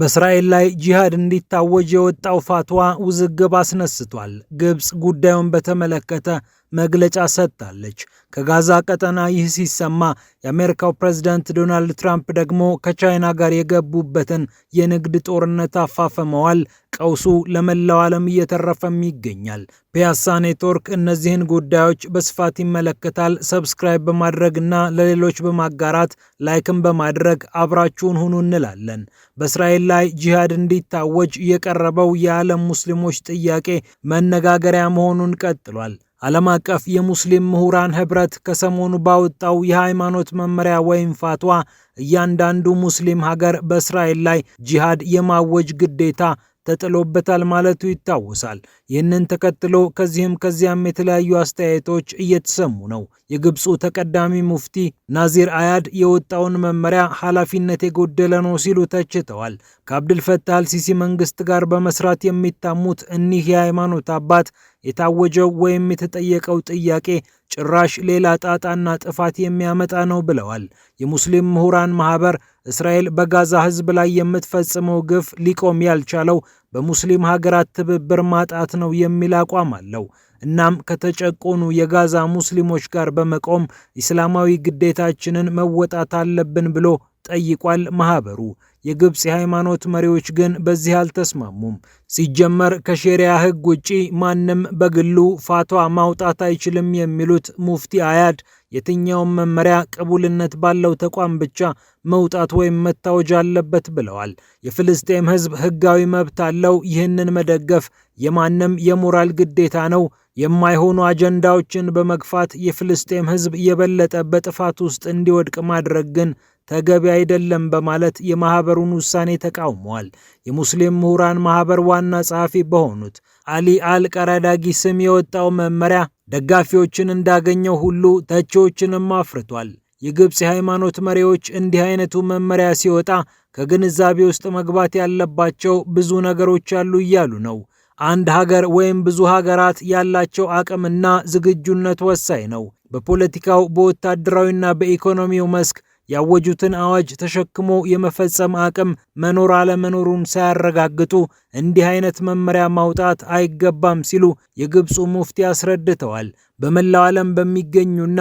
በእስራኤል ላይ ጂሃድ እንዲታወጅ የወጣው ፋትዋ ውዝግብ አስነስቷል። ግብፅ ጉዳዩን በተመለከተ መግለጫ ሰጥታለች። ከጋዛ ቀጠና ይህ ሲሰማ የአሜሪካው ፕሬዝዳንት ዶናልድ ትራምፕ ደግሞ ከቻይና ጋር የገቡበትን የንግድ ጦርነት አፋፍመዋል። ቀውሱ ለመላው ዓለም እየተረፈም ይገኛል። ፒያሳ ኔትወርክ እነዚህን ጉዳዮች በስፋት ይመለከታል። ሰብስክራይብ በማድረግ እና ለሌሎች በማጋራት ላይክም በማድረግ አብራችሁን ሁኑ እንላለን። በእስራኤል ላይ ጂሃድ እንዲታወጅ የቀረበው የዓለም ሙስሊሞች ጥያቄ መነጋገሪያ መሆኑን ቀጥሏል። ዓለም አቀፍ የሙስሊም ምሁራን ህብረት ከሰሞኑ ባወጣው የሃይማኖት መመሪያ ወይም ፋትዋ እያንዳንዱ ሙስሊም ሀገር በእስራኤል ላይ ጂሃድ የማወጅ ግዴታ ተጥሎበታል ማለቱ ይታወሳል። ይህንን ተከትሎ ከዚህም ከዚያም የተለያዩ አስተያየቶች እየተሰሙ ነው። የግብፁ ተቀዳሚ ሙፍቲ ናዚር አያድ የወጣውን መመሪያ ኃላፊነት የጎደለ ነው ሲሉ ተችተዋል። ከአብድልፈታህ አልሲሲ መንግስት ጋር በመስራት የሚታሙት እኒህ የሃይማኖት አባት የታወጀው ወይም የተጠየቀው ጥያቄ ጭራሽ ሌላ ጣጣና ጥፋት የሚያመጣ ነው ብለዋል። የሙስሊም ምሁራን ማህበር እስራኤል በጋዛ ሕዝብ ላይ የምትፈጽመው ግፍ ሊቆም ያልቻለው በሙስሊም ሀገራት ትብብር ማጣት ነው የሚል አቋም አለው። እናም ከተጨቆኑ የጋዛ ሙስሊሞች ጋር በመቆም ኢስላማዊ ግዴታችንን መወጣት አለብን ብሎ ጠይቋል ማህበሩ። የግብፅ የሃይማኖት መሪዎች ግን በዚህ አልተስማሙም። ሲጀመር ከሼሪያ ሕግ ውጪ ማንም በግሉ ፋቷ ማውጣት አይችልም የሚሉት ሙፍቲ አያድ የትኛውም መመሪያ ቅቡልነት ባለው ተቋም ብቻ መውጣት ወይም መታወጅ አለበት ብለዋል። የፍልስጤም ሕዝብ ሕጋዊ መብት አለው። ይህንን መደገፍ የማንም የሞራል ግዴታ ነው። የማይሆኑ አጀንዳዎችን በመግፋት የፍልስጤም ሕዝብ የበለጠ በጥፋት ውስጥ እንዲወድቅ ማድረግ ግን ተገቢ አይደለም በማለት የማህበሩን ውሳኔ ተቃውመዋል። የሙስሊም ምሁራን ማህበር ዋና ጸሐፊ በሆኑት አሊ አል ቀራዳጊ ስም የወጣው መመሪያ ደጋፊዎችን እንዳገኘው ሁሉ ተቺዎችንም አፍርቷል። የግብፅ የሃይማኖት መሪዎች እንዲህ አይነቱ መመሪያ ሲወጣ ከግንዛቤ ውስጥ መግባት ያለባቸው ብዙ ነገሮች አሉ እያሉ ነው። አንድ ሀገር ወይም ብዙ ሀገራት ያላቸው አቅምና ዝግጁነት ወሳኝ ነው። በፖለቲካው፣ በወታደራዊና በኢኮኖሚው መስክ ያወጁትን አዋጅ ተሸክሞ የመፈጸም አቅም መኖር አለመኖሩን ሳያረጋግጡ እንዲህ አይነት መመሪያ ማውጣት አይገባም ሲሉ የግብፁ ሙፍቲ አስረድተዋል። በመላው ዓለም በሚገኙና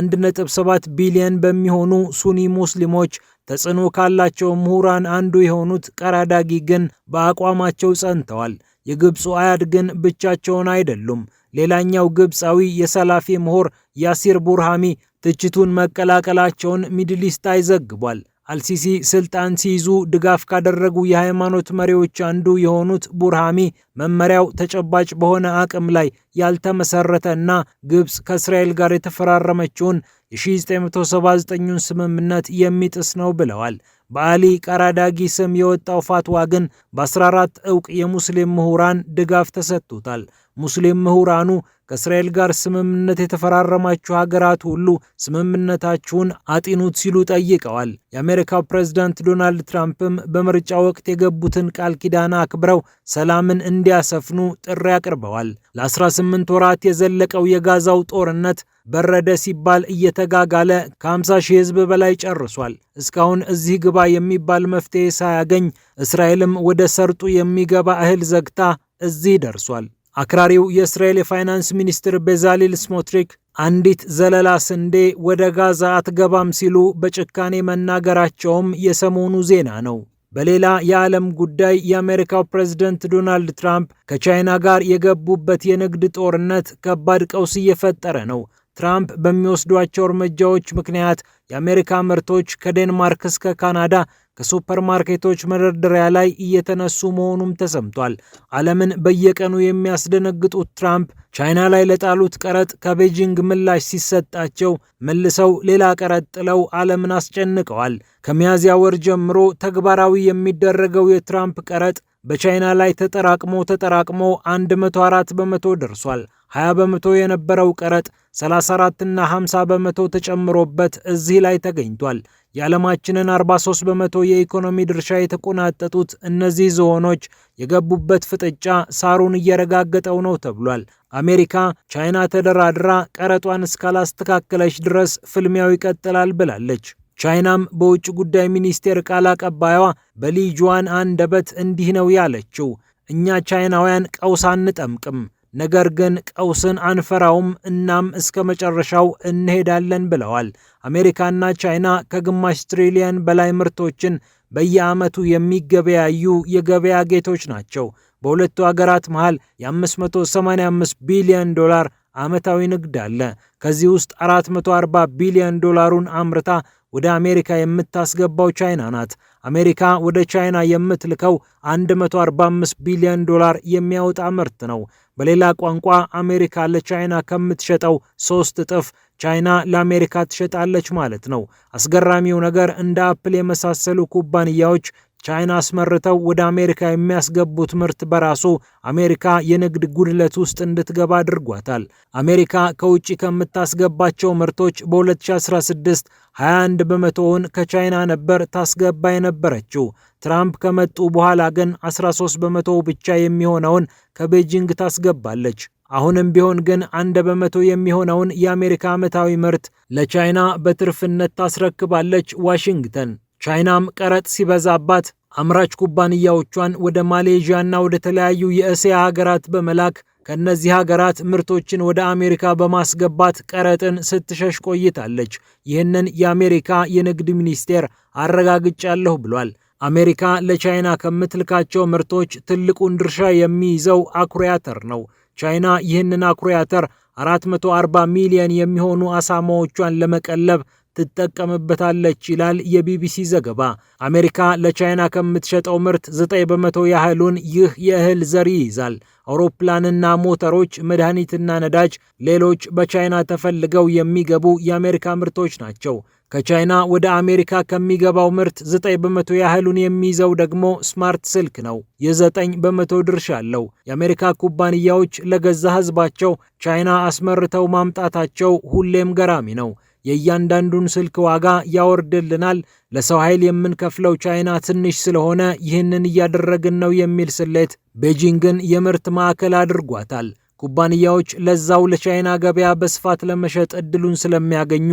1.7 ቢሊዮን በሚሆኑ ሱኒ ሙስሊሞች ተጽዕኖ ካላቸው ምሁራን አንዱ የሆኑት ቀራዳጊ ግን በአቋማቸው ጸንተዋል። የግብፁ አያድ ግን ብቻቸውን አይደሉም። ሌላኛው ግብፃዊ የሰላፊ ምሁር ያሲር ቡርሃሚ ትችቱን መቀላቀላቸውን ሚድሊስታይ ዘግቧል። አልሲሲ ስልጣን ሲይዙ ድጋፍ ካደረጉ የሃይማኖት መሪዎች አንዱ የሆኑት ቡርሃሚ መመሪያው ተጨባጭ በሆነ አቅም ላይ ያልተመሰረተ እና ግብፅ ከእስራኤል ጋር የተፈራረመችውን የ1979ን ስምምነት የሚጥስ ነው ብለዋል። በአሊ ቀራዳጊ ስም የወጣው ፋትዋ ግን በ14 እውቅ የሙስሊም ምሁራን ድጋፍ ተሰጥቶታል። ሙስሊም ምሁራኑ ከእስራኤል ጋር ስምምነት የተፈራረማችሁ ሀገራት ሁሉ ስምምነታችሁን አጢኑት ሲሉ ጠይቀዋል። የአሜሪካው ፕሬዝዳንት ዶናልድ ትራምፕም በምርጫ ወቅት የገቡትን ቃል ኪዳን አክብረው ሰላምን እንዲያሰፍኑ ጥሪ አቅርበዋል። ለ18 ወራት የዘለቀው የጋዛው ጦርነት በረደ ሲባል እየተጋጋለ ከ50 ሺህ ሕዝብ በላይ ጨርሷል። እስካሁን እዚህ ግባ የሚባል መፍትሄ ሳያገኝ እስራኤልም ወደ ሰርጡ የሚገባ እህል ዘግታ እዚህ ደርሷል። አክራሪው የእስራኤል የፋይናንስ ሚኒስትር ቤዛሊል ስሞትሪክ አንዲት ዘለላ ስንዴ ወደ ጋዛ አትገባም ሲሉ በጭካኔ መናገራቸውም የሰሞኑ ዜና ነው። በሌላ የዓለም ጉዳይ የአሜሪካው ፕሬዝደንት ዶናልድ ትራምፕ ከቻይና ጋር የገቡበት የንግድ ጦርነት ከባድ ቀውስ እየፈጠረ ነው። ትራምፕ በሚወስዷቸው እርምጃዎች ምክንያት የአሜሪካ ምርቶች ከዴንማርክ እስከ ካናዳ ከሱፐርማርኬቶች መደርደሪያ ላይ እየተነሱ መሆኑም ተሰምቷል። ዓለምን በየቀኑ የሚያስደነግጡት ትራምፕ ቻይና ላይ ለጣሉት ቀረጥ ከቤጂንግ ምላሽ ሲሰጣቸው መልሰው ሌላ ቀረጥ ጥለው ዓለምን አስጨንቀዋል። ከሚያዝያ ወር ጀምሮ ተግባራዊ የሚደረገው የትራምፕ ቀረጥ በቻይና ላይ ተጠራቅሞ ተጠራቅሞ 104 በመቶ ደርሷል። 20 በመቶ የነበረው ቀረጥ 34 እና 50 በመቶ ተጨምሮበት እዚህ ላይ ተገኝቷል። የዓለማችንን 43 በመቶ የኢኮኖሚ ድርሻ የተቆናጠጡት እነዚህ ዝሆኖች የገቡበት ፍጥጫ ሳሩን እየረጋገጠው ነው ተብሏል። አሜሪካ ቻይና ተደራድራ ቀረጧን እስካላስተካከለች ድረስ ፍልሚያው ይቀጥላል ብላለች። ቻይናም በውጭ ጉዳይ ሚኒስቴር ቃል አቀባይዋ በሊጁዋን አንደበት እንዲህ ነው ያለችው፣ እኛ ቻይናውያን ቀውስ አንጠምቅም ነገር ግን ቀውስን አንፈራውም እናም እስከ መጨረሻው እንሄዳለን ብለዋል። አሜሪካና ቻይና ከግማሽ ትሪሊየን በላይ ምርቶችን በየዓመቱ የሚገበያዩ የገበያ ጌቶች ናቸው። በሁለቱ አገራት መሃል የ585 ቢሊዮን ዶላር ዓመታዊ ንግድ አለ። ከዚህ ውስጥ 440 ቢሊዮን ዶላሩን አምርታ ወደ አሜሪካ የምታስገባው ቻይና ናት። አሜሪካ ወደ ቻይና የምትልከው 145 ቢሊዮን ዶላር የሚያወጣ ምርት ነው። በሌላ ቋንቋ አሜሪካ ለቻይና ከምትሸጠው ሶስት እጥፍ ቻይና ለአሜሪካ ትሸጣለች ማለት ነው። አስገራሚው ነገር እንደ አፕል የመሳሰሉ ኩባንያዎች ቻይና አስመርተው ወደ አሜሪካ የሚያስገቡት ምርት በራሱ አሜሪካ የንግድ ጉድለት ውስጥ እንድትገባ አድርጓታል። አሜሪካ ከውጭ ከምታስገባቸው ምርቶች በ2016 21 በመቶውን ከቻይና ነበር ታስገባ የነበረችው። ትራምፕ ከመጡ በኋላ ግን 13 በመቶ ብቻ የሚሆነውን ከቤጂንግ ታስገባለች። አሁንም ቢሆን ግን አንድ በመቶ የሚሆነውን የአሜሪካ ዓመታዊ ምርት ለቻይና በትርፍነት ታስረክባለች ዋሽንግተን። ቻይናም ቀረጥ ሲበዛባት አምራች ኩባንያዎቿን ወደ ማሌዥያ ወደ ተለያዩ የእስያ ሀገራት በመላክ ከእነዚህ ሀገራት ምርቶችን ወደ አሜሪካ በማስገባት ቀረጥን ስትሸሽ ቆይታለች። ይህንን የአሜሪካ የንግድ ሚኒስቴር አረጋግጫለሁ ብሏል። አሜሪካ ለቻይና ከምትልካቸው ምርቶች ትልቁን ድርሻ የሚይዘው አኩሪ አተር ነው። ቻይና ይህንን አኩሪ አተር 440 ሚሊዮን የሚሆኑ አሳማዎቿን ለመቀለብ ትጠቀምበታለች ይላል የቢቢሲ ዘገባ። አሜሪካ ለቻይና ከምትሸጠው ምርት 9 በመቶ ያህሉን ይህ የእህል ዘር ይይዛል። አውሮፕላንና ሞተሮች፣ መድኃኒትና ነዳጅ ሌሎች በቻይና ተፈልገው የሚገቡ የአሜሪካ ምርቶች ናቸው። ከቻይና ወደ አሜሪካ ከሚገባው ምርት 9 በመቶ ያህሉን የሚይዘው ደግሞ ስማርት ስልክ ነው። የ9 በመቶ ድርሻ አለው። የአሜሪካ ኩባንያዎች ለገዛ ሕዝባቸው ቻይና አስመርተው ማምጣታቸው ሁሌም ገራሚ ነው። የእያንዳንዱን ስልክ ዋጋ ያወርድልናል፣ ለሰው ኃይል የምንከፍለው ቻይና ትንሽ ስለሆነ ይህንን እያደረግን ነው የሚል ስሌት ቤጂንግን የምርት ማዕከል አድርጓታል። ኩባንያዎች ለዛው ለቻይና ገበያ በስፋት ለመሸጥ እድሉን ስለሚያገኙ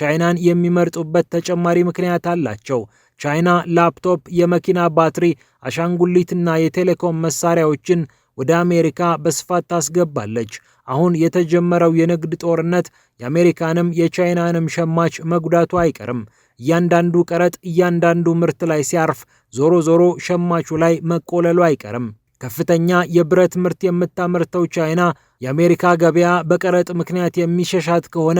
ቻይናን የሚመርጡበት ተጨማሪ ምክንያት አላቸው። ቻይና ላፕቶፕ፣ የመኪና ባትሪ፣ አሻንጉሊትና የቴሌኮም መሳሪያዎችን ወደ አሜሪካ በስፋት ታስገባለች። አሁን የተጀመረው የንግድ ጦርነት የአሜሪካንም የቻይናንም ሸማች መጉዳቱ አይቀርም። እያንዳንዱ ቀረጥ እያንዳንዱ ምርት ላይ ሲያርፍ ዞሮ ዞሮ ሸማቹ ላይ መቆለሉ አይቀርም። ከፍተኛ የብረት ምርት የምታመርተው ቻይና የአሜሪካ ገበያ በቀረጥ ምክንያት የሚሸሻት ከሆነ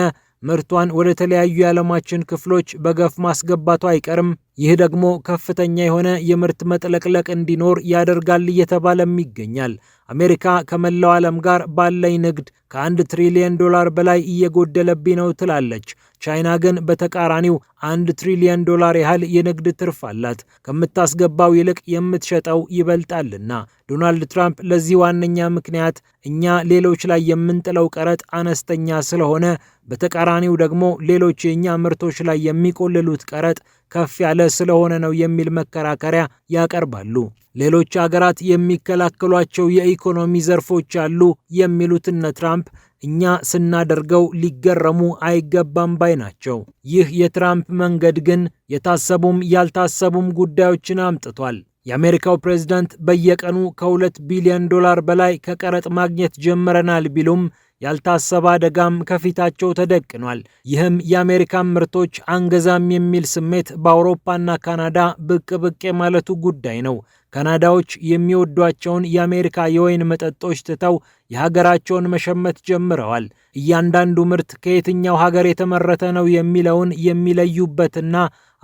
ምርቷን ወደ ተለያዩ የዓለማችን ክፍሎች በገፍ ማስገባቱ አይቀርም። ይህ ደግሞ ከፍተኛ የሆነ የምርት መጥለቅለቅ እንዲኖር ያደርጋል እየተባለም ይገኛል። አሜሪካ ከመላው ዓለም ጋር ባለኝ ንግድ ከአንድ ትሪሊየን ዶላር በላይ እየጎደለብኝ ነው ትላለች። ቻይና ግን በተቃራኒው አንድ ትሪሊየን ዶላር ያህል የንግድ ትርፍ አላት ከምታስገባው ይልቅ የምትሸጠው ይበልጣልና። ዶናልድ ትራምፕ ለዚህ ዋነኛ ምክንያት እኛ ሌሎች ላይ የምንጥለው ቀረጥ አነስተኛ ስለሆነ፣ በተቃራኒው ደግሞ ሌሎች የእኛ ምርቶች ላይ የሚቆልሉት ቀረጥ ከፍ ያለ ስለሆነ ነው የሚል መከራከሪያ ያቀርባሉ። ሌሎች አገራት የሚከላከሏቸው የኢኮኖሚ ዘርፎች አሉ የሚሉት እነ ትራምፕ እኛ ስናደርገው ሊገረሙ አይገባም ባይ ናቸው። ይህ የትራምፕ መንገድ ግን የታሰቡም ያልታሰቡም ጉዳዮችን አምጥቷል። የአሜሪካው ፕሬዝዳንት በየቀኑ ከሁለት ቢሊዮን ዶላር በላይ ከቀረጥ ማግኘት ጀምረናል ቢሉም ያልታሰበ አደጋም ከፊታቸው ተደቅኗል። ይህም የአሜሪካን ምርቶች አንገዛም የሚል ስሜት በአውሮፓና ካናዳ ብቅ ብቅ የማለቱ ጉዳይ ነው። ካናዳዎች የሚወዷቸውን የአሜሪካ የወይን መጠጦች ትተው የሀገራቸውን መሸመት ጀምረዋል። እያንዳንዱ ምርት ከየትኛው ሀገር የተመረተ ነው የሚለውን የሚለዩበትና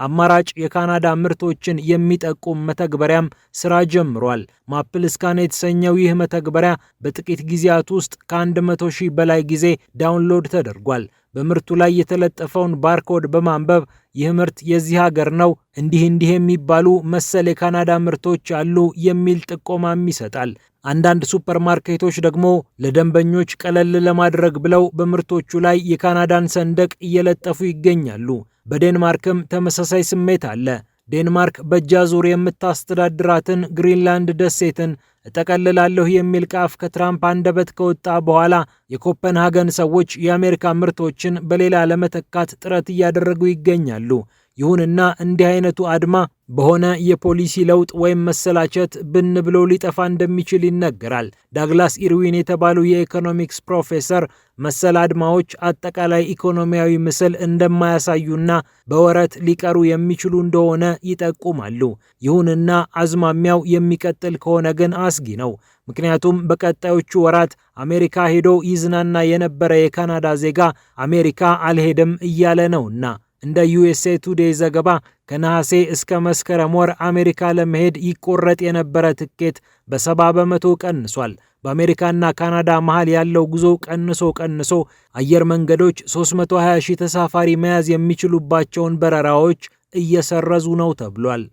አማራጭ የካናዳ ምርቶችን የሚጠቁም መተግበሪያም ስራ ጀምሯል። ማፕል ስካን የተሰኘው ይህ መተግበሪያ በጥቂት ጊዜያት ውስጥ ከ100 ሺህ በላይ ጊዜ ዳውንሎድ ተደርጓል። በምርቱ ላይ የተለጠፈውን ባርኮድ በማንበብ ይህ ምርት የዚህ ሀገር ነው፣ እንዲህ እንዲህ የሚባሉ መሰል የካናዳ ምርቶች አሉ የሚል ጥቆማም ይሰጣል። አንዳንድ ሱፐርማርኬቶች ደግሞ ለደንበኞች ቀለል ለማድረግ ብለው በምርቶቹ ላይ የካናዳን ሰንደቅ እየለጠፉ ይገኛሉ። በዴንማርክም ተመሳሳይ ስሜት አለ። ዴንማርክ በእጅ አዙር የምታስተዳድራትን ግሪንላንድ ደሴትን እጠቀልላለሁ የሚል ቃፍ ከትራምፕ አንደበት ከወጣ በኋላ የኮፐንሃገን ሰዎች የአሜሪካ ምርቶችን በሌላ ለመተካት ጥረት እያደረጉ ይገኛሉ። ይሁንና እንዲህ አይነቱ አድማ በሆነ የፖሊሲ ለውጥ ወይም መሰላቸት ብን ብሎ ሊጠፋ እንደሚችል ይነገራል። ዳግላስ ኢርዊን የተባሉ የኢኮኖሚክስ ፕሮፌሰር መሰል አድማዎች አጠቃላይ ኢኮኖሚያዊ ምስል እንደማያሳዩና በወረት ሊቀሩ የሚችሉ እንደሆነ ይጠቁማሉ። ይሁንና አዝማሚያው የሚቀጥል ከሆነ ግን አስጊ ነው። ምክንያቱም በቀጣዮቹ ወራት አሜሪካ ሄዶ ይዝናና የነበረ የካናዳ ዜጋ አሜሪካ አልሄድም እያለ ነውና። እንደ ዩኤስኤ ቱዴይ ዘገባ ከነሐሴ እስከ መስከረም ወር አሜሪካ ለመሄድ ይቆረጥ የነበረ ትኬት በሰባ በመቶ ቀንሷል። በአሜሪካና ካናዳ መሃል ያለው ጉዞ ቀንሶ ቀንሶ አየር መንገዶች 320 ሺህ ተሳፋሪ መያዝ የሚችሉባቸውን በረራዎች እየሰረዙ ነው ተብሏል።